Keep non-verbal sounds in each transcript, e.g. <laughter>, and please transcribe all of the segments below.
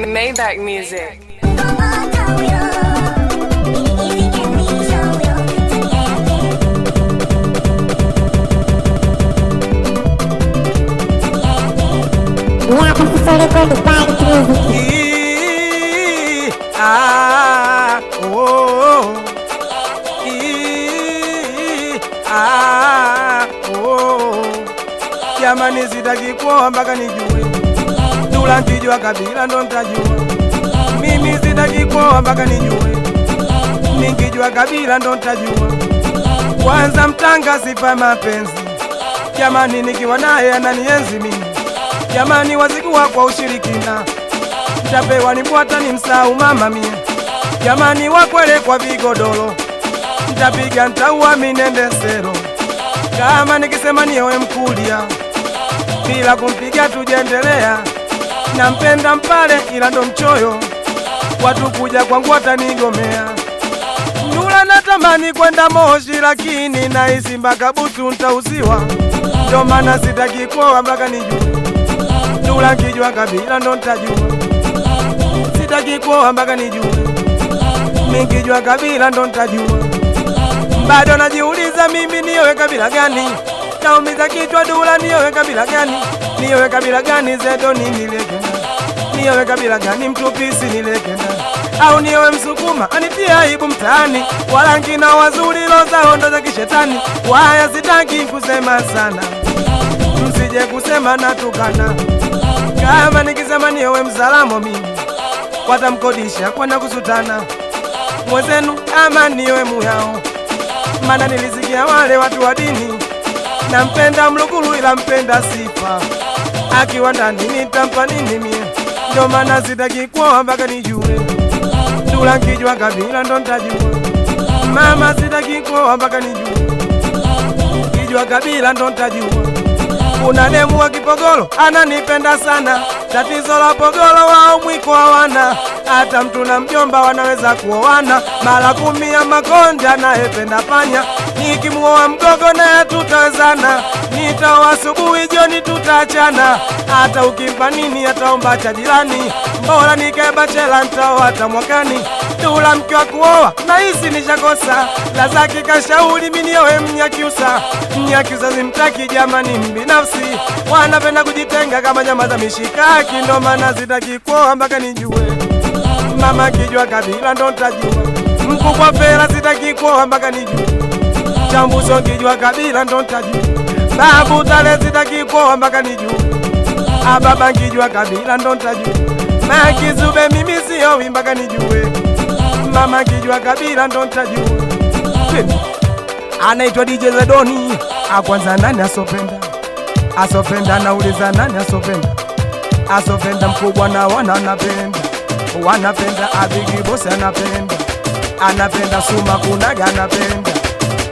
Maybach music. jamani, sitaki mpaka nijue Kula nikijua kabila ndo nitajua, mimi sitaki kuoa mpaka nijue. Nikijua kabila ndo nitajua, kwanza mtanga sifa mapenzi. Jamani, nikiwa naye ananienzi mimi. Jamani, wazikuwa kwa ushirikina, ntapewa nimbwata ni msau mama mia. Jamani, wakwele kwa vigodolo, ntapiga ntaua minendesero. Kama nikisema niowe mkulia bila kumpiga tujendelea nampenda mpale, ila ndo mchoyo, watu kuja kwangu watanigomea. Ndula natamani kwenda Moshi, lakini nahisi mpaka busu ntauziwa, ndo maana sitaki kuoa mpaka nijue. Ndula kijua kabila ndo ntajua, sitaki kuoa mpaka nijue, minkijua kabila ndo ntajua. Bado najiuliza mimi niyowe kabila gani, naumiza kichwa. Dula niyowe kabila gani? niwe kabila gani Zedoni nilegena, niyowe kabila gani Mtupisi nilegena, au niyowe Msukuma anipia aibu mtaani, walangi na wazuri loza hondo za kishetani. Waya zitaki kusema sana, msije kusema natukana. Kama nikisema niwe mzalamo mimi watamkodisha kwenda kusutana mwezenu, ama niyowe muyao, mana nilisikia wale watu wa dini, nampenda mlukulu ila mpenda sifa akiwa ndani nitampa nini mie? Ndio maana sitaki kuoa mpaka nijue, sura kijwa kabila ndo ntajua. Mama sitaki kuoa mpaka nijue, kijwa kabila ndo ntajua. Kuna demu wa Kipogolo ananipenda sana, tatizo la Pogolo wao mwiko hawana hata mtu na mjomba wanaweza kuoana mara kumi ya makonja anayependa panya nikimuoa mdogo naye tutazana, nitaoa asubuhi jioni tutachana, hata ukimpa nini ataomba cha jirani, bora nikae bachela nitaoa hata mwakani, dula mke wa kuoa na hisi nishakosa, Lazaki kashauri mimi Mnyakyusa. Mnyakyusa zimtaki jamani, mbinafsi wanapenda kujitenga kama nyama za mishikaki, ndo maana zitaki kuoa mpaka nijue mama kijua kabila ndo ntajua mkubwa fela, sitaki kuoa mpaka nijue Chambuzo kijua kabila ndo ntajua babu talezidakikoa mpaka nijua ababa nkijua kabila ndo ntajua makizube mimi siyowi mpaka nijue mama nkijua kabila ndo ntajua anaitwa DJ Zedoni akwanza nani asopenda asopenda anauliza nani asopenda asopenda mkubwa na wana anapenda wanapenda abigi anapenda anapenda suma kunaga anapenda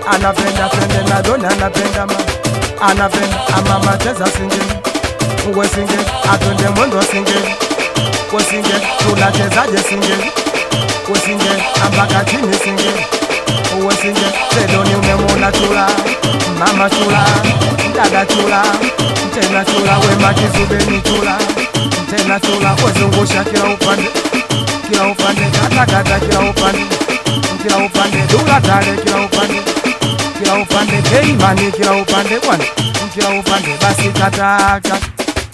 anapenda pende na doni anapenda ma anapenda amama cheza singe wesinge atunde mwendo singe singeli tunachezaje singe wesinge ambaka chini singe wesinge sedoni umemona chula mama chula dada chula tena chula wema kizubeni chula tena chula wezungusha kila upande kila upande katakata kila upande kila upande dula tale kila upande kila upande beimani, kila upande bwana, kila upande basi kata kata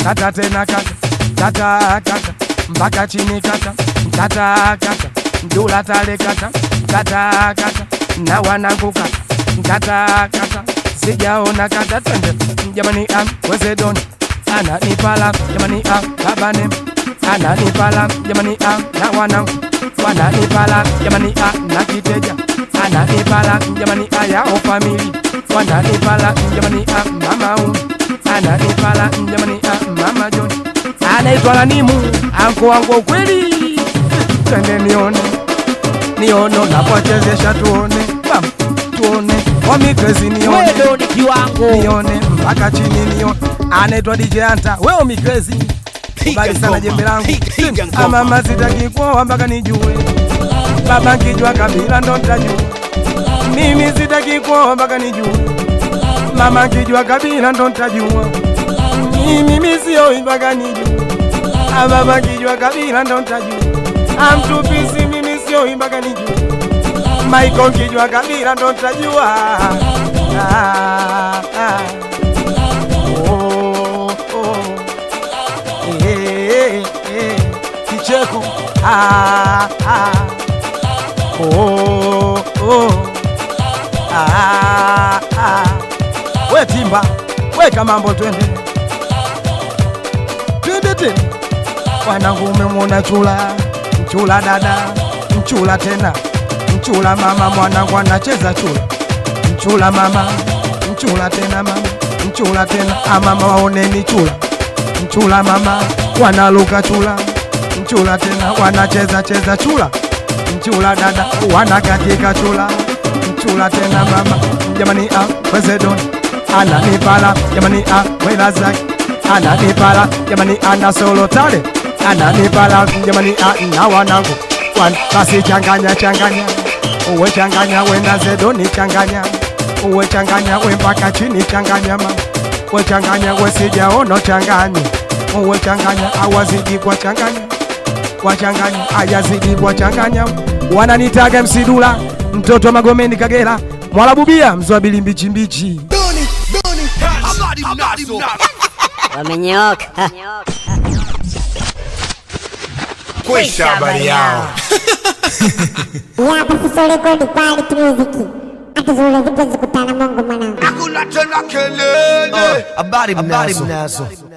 kata tena kata kata kata mpaka chini kata kata kata ndula tale kata kata kata na wanangu kata kata kata sijaona kata tende jamani, am wezedoni ananipala jamani, am babane ananipala jamani, am na wanangu wananipala jamani, am na kiteja Wanake pala jamani, aya o family, wanake pala jamani, a ah, mama u anake pala jamani, a ah, mama John itwa la nimu anko wangu kweli, Tende nione niono napochezesha tuone bam tuone omigezi nione ni kiwango nione mpaka chini nione anaitwa DJ Anta wewe omigezi Kubali sana jembe langu ah, ama mazitaki kuoa mpaka nijue baba nkijua kabila ndo nitajua mimi sitaki kuoa mpaka nijua, mama kijua kabila ndo ntajua mimi sioi mpaka nijua, ah, mama kijua kabila ndo ntajua, amtupisi ah, mimi sioi mpaka nijua, maiko kijua kabila ndo ntajua. Oh, ah, Kicheko Oh, oh. Eh, eh, eh. oh, oh. We timba, weka mambo twende twende tena, wanangu, umemwona chula mchula, dada mchula, tena mchula mama, mwanangu anacheza chula mchula mama, mchula tena mama, mchula tena amama, ah, waoneni chula mchula mama, wanaluka chula mchula tena, wanacheza cheza chula mchula dada, wanakatika chula chula tena mama jamani, ah wezedon ananipala jamani, ah welazak ananipala jamani, ana solo tale ananipala jamani, ah na wanangu wan basi changanya changanya uwe changanya we na zedoni changanya uwe changanya we mpaka chini changanya mama uwe changanya we sijaono changanya uwe changanya awazidi kwa changanya wachanganya ayazidi kwa changanya wananitaga msidula mtoto wa Magomeni Kagera, Mwalabubia mzoabili mbichi mbichi. Wamenyooka kwesha habari yao <laughs> hakuna tena kelele, oh, habari mnazo